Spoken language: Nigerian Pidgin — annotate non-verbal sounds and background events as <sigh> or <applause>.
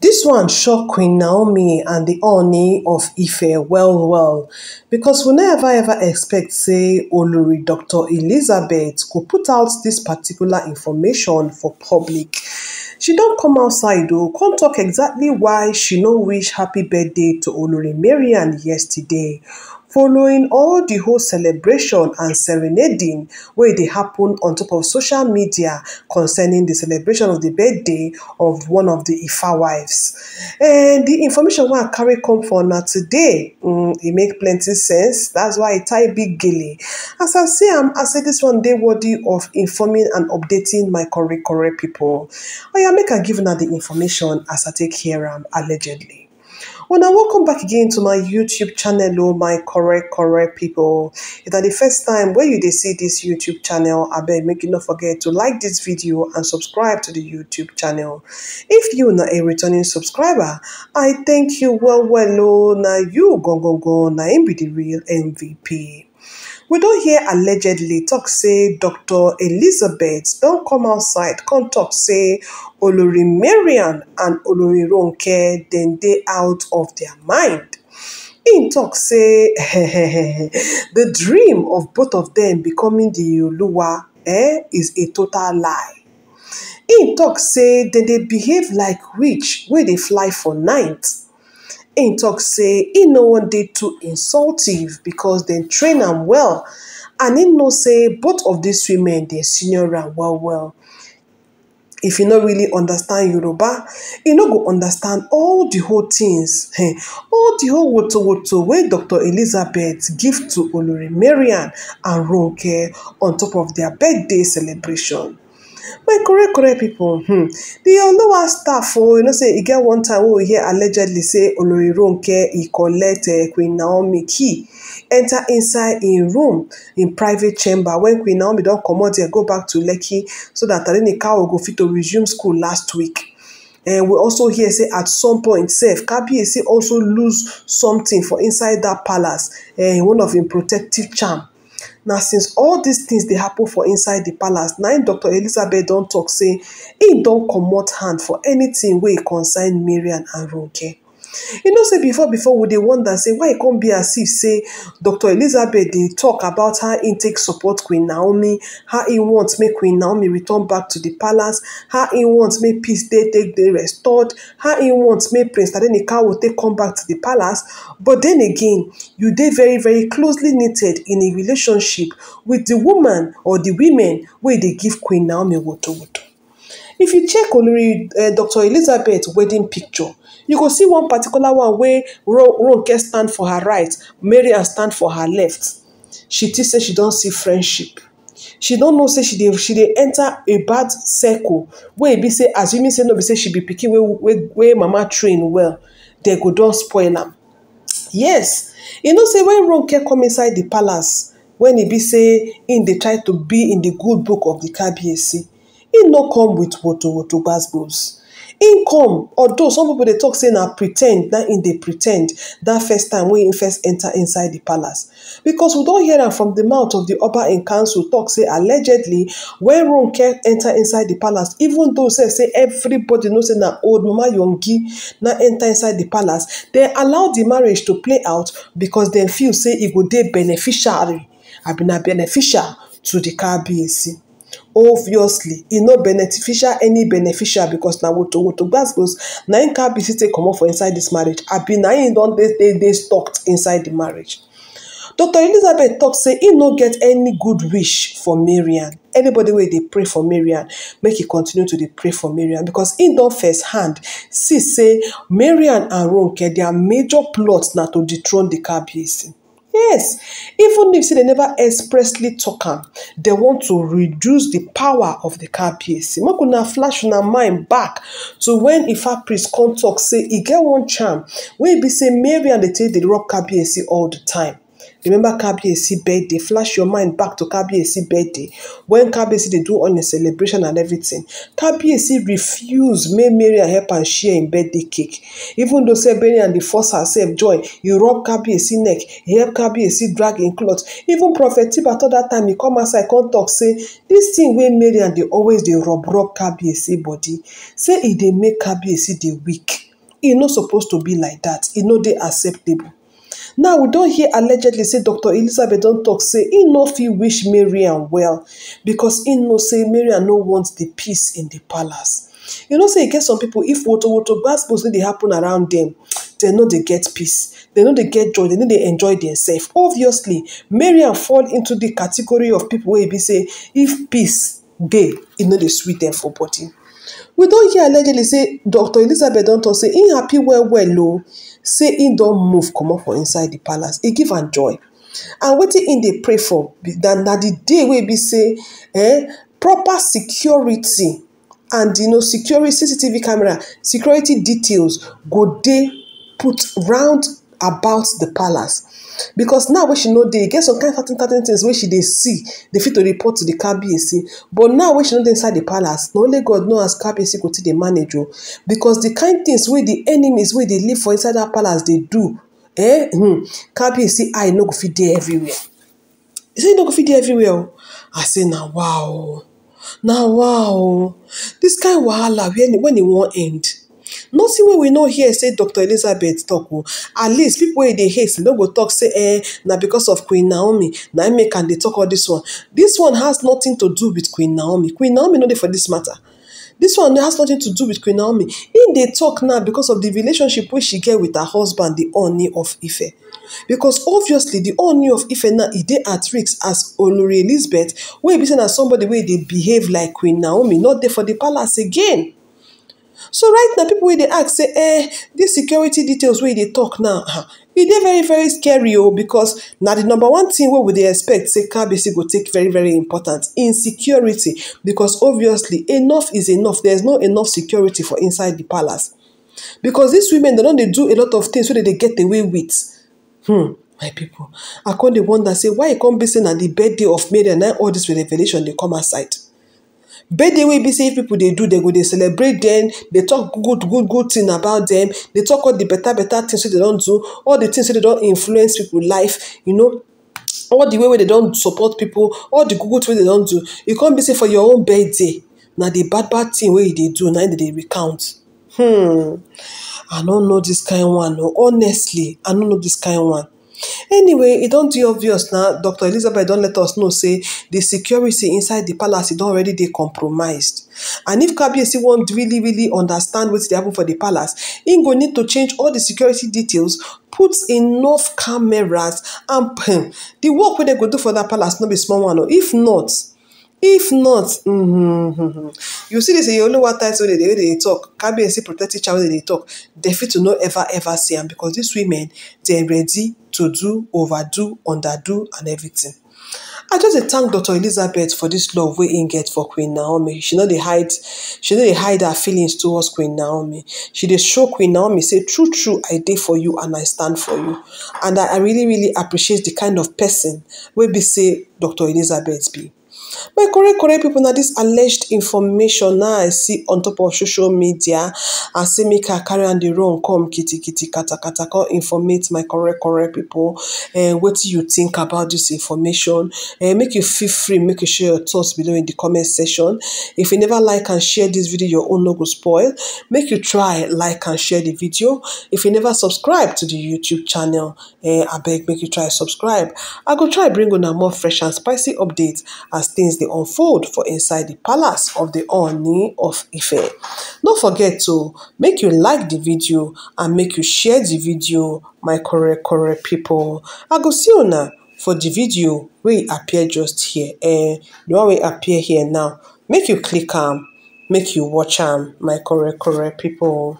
This one shocked Queen Naomi and the Oni of Ife well well because we never ever expect say Olori Dr. Elizabeth could put out this particular information for public. She don't come outside though, can't talk exactly why she no wish happy birthday to Olori Marian yesterday following all the whole celebration and serenading wey dey happen on top of social media concerning the celebration of the birthday of one of the ifa wives. and the information wey i carry come for na today mm, e make plenty sense that's why i e tie big gele as i see am i say this one dey worthy of informing and updating my correct correct people. oya make i give una the information as i take hear am allegedly Well, now welcome back again to my YouTube channel, oh my correct, correct people. If that the first time where you they see this YouTube channel, I beg make you not forget to like this video and subscribe to the YouTube channel. If you not a returning subscriber, I thank you well, well, oh, now you go, go, go, now be the real MVP. we don hear allegedly talk say dr elizabeth don come outside come talk say olori Marian and olori ronke Then they out of their mind In talk say <laughs> the dream of both of them becoming the oluwa eh, is a total lie In talk say then they behave like witch where they fly for night He tok say e no wan dey too insultive because dem train am well and he know say both of these women dey senior am well well if you no really understand yoruba you no go understand all the whole tins eh, all the whole wotowoto wey dr elizabeth give to olori Marian and ronke on top of their birthday celebration my correct correct people, hmm The olowa staff oh you know say e get one time wey we hear allegedly say olori ronke e collect eh, queen naomi key enter inside im room im private chamber wen queen naomi don comot there go back to lekki so dat tadenikawo go fit to resume school last week and eh, we also hear say at some point sef kabiyesi also lose something for inside dat palace eh, in one of im protective charm na since all these things dey happen for inside the palace na im dr elizabeth don tok say im don comot hand for anything wey concern mariam and ronke you know say before before we dey wonder say why e come be as if say dr elizabeth they talk about her intake support queen naomi how he wants make queen naomi return back to the palace how he wants make peace dey take dey restored how he wants make prince will take come back to the palace but then again you they very very closely knitted in a relationship with the woman or the women where they give queen naomi wotowoto if you check on olori eh, dr elizabeth wedding picture you go see one particular one wey ronke stand for her right Maria stand for her left she think say she don see friendship she don know say she dey enter a bad circle wey e be say assuming say no be say she be pikin wey mama train well dem go don spoil am yes you know say when ronke come inside the palace when e be say im dey try to be in the good book of the kabiyesi im no come with woto woto gbasgbos income although some people dey talk say na pretend na im dey pretend that first time wey im first enter inside the palace because we don hear am from di mouth of the upper in council talk say allegedly when ronke enter inside the palace even though sef say everybody know say na old mama yongi na enter inside the palace dem allow the marriage to play out because dem feel say e go dey beneficiary abi na beneficial to the car obviously e no beneficial any beneficial because na gbas-gbos na im kabisi take comot for inside dis marriage abi na im don dey dey stalked inside di marriage dr elizabeth tok say im no get any good wish for marian anybody wey dey pray for marian make e continue to dey pray for marian because im don first hand see say marian and ronke dia major plot na to dethrone di kabiyesi Yes, even if they never expressly talk am, they want to reduce the power of the KPAC. Make una flash una mind back to when Ifa priest come talk say e get one charm wey be say Mary and they take dey rob KPAC all the time. Remember Kabiyesi birthday. Flash your mind back to Kabiyesi birthday. When Kabiyesi dey do the celebration and everything, Kabiyesi refuse make Mariam help am share im birthday cake. Even though say and the force herself join, he rub Kabiyesi neck, he help Kabiyesi drag im cloth. Even Prophet Tibato that time he come outside come talk say this thing wey and dey always dey rub rub Kabiyesi body, say e dey make Kabiyesi dey weak. E no suppose to be like that. E no dey acceptable. now we don't hear allegedly say dr elizabeth don't talk say he no feel wish marian well because he no say marian no wants the peace in the palace you know say get some people if woto what gbasgbos wey they happen around them they know they get peace they know they get joy they know they enjoy themselves. obviously marian fall into the category of people where he be say if peace dey e no dey sweet dem for body we don hear allegedly say dr elizabeth don tok say im happy well well o oh. say im don move comot for inside di palace e give am joy and wetin im dey pray for na di day wey be say eh proper security and you know security cctv camera security details go dey put round about the palace because now wey she no dey e get some kind certain certain things wey she dey see dey fit to report to the kabiyesi but now wey she no dey inside the palace na only god know as kabiyesi go take dey manage o because the kind things wey the enemies wey dey live for inside that palace dey do eh hmm, kabiyesi eye no go fit dey everywhere e say e no go fit dey everywhere o i say na wow o na wow o dis kind wahala when e wan end nothing wey we no hear say dr elizabeth talk. o at least people wey e dey hate no go tok say eh na because of queen naomi na im make am dey talk all this one This one has nothing to do with queen naomi queen naomi no dey for this matter. This one has nothing to do with queen naomi im dey talk now because of the relationship wey she get with her husband the oni of ife Because obviously the oni of ife now e dey at risk as olori elizabeth wey be say na somebody wey dey behave like queen naomi not dey for the palace again so right now people wey they ask say eh these security details where they talk now ah, e dey very very scary oh because now the number one thing what we they expect say kabisi will take very very important in security because obviously enough is enough there is not enough security for inside the palace because these women dem don they do a lot of things so that they get away with hmm my people, i the one wonder say why you come be saying the di birthday of media and all this revelation they come outside. birthday wey be say if pipo dey do dem go dey celebrate dem dey talk good good good thing about dem dey talk all the better better things wey dem don do all the things wey dem don influence people' life you know all the way wey dem don support people. all the good good wey dem don do e come be say for your own birthday na the bad bad thing wey you dey do na im dey recount hmm i no know this kind one o oh. honestly i no know this kind one anyway e don dey obvious na dr elizabeth don let us know say di security inside di palace don already dey compromised and if kabiyesi wan really really understand wetin dey happen for di palace im go need to change all di security details put enough cameras and um, di work wey dem go do for dat palace no be small one o if not if not mm -hmm. you see dis eyololuwa title wey dey dey talk kabiyesi protective child wey dey talk dem fit to no ever ever see am because these women dem ready to do, overdo, underdo, and everything. I just thank Dr. Elizabeth for this love we in get for Queen Naomi. She know dey hide she no not hide her feelings towards Queen Naomi. She dey show Queen Naomi say true true I did for you and I stand for you. And I, I really really appreciate the kind of person we be say Dr. Elizabeth be. my correct correct people na this alleged information na i see on top of social media i say make i carry am dey run come kitikiti katakata come informate my correct correct people Eh, wetin you think about this information Eh, make you feel free make you share your thoughts below in the comment section if you never like and share this video your own no go spoil make you try like and share the video if you never subscribe to the youtube channel eh, I beg make you try subscribe i go try bring una more fresh and spicy updates as things dey unfold for inside the palace of the Oni of Ife. Don't forget to make you like the video and make you share the video my correct correct people. I go see you now for the video wey appear just here eh the one wey appear here now make you click am make you watch am my correct correct people.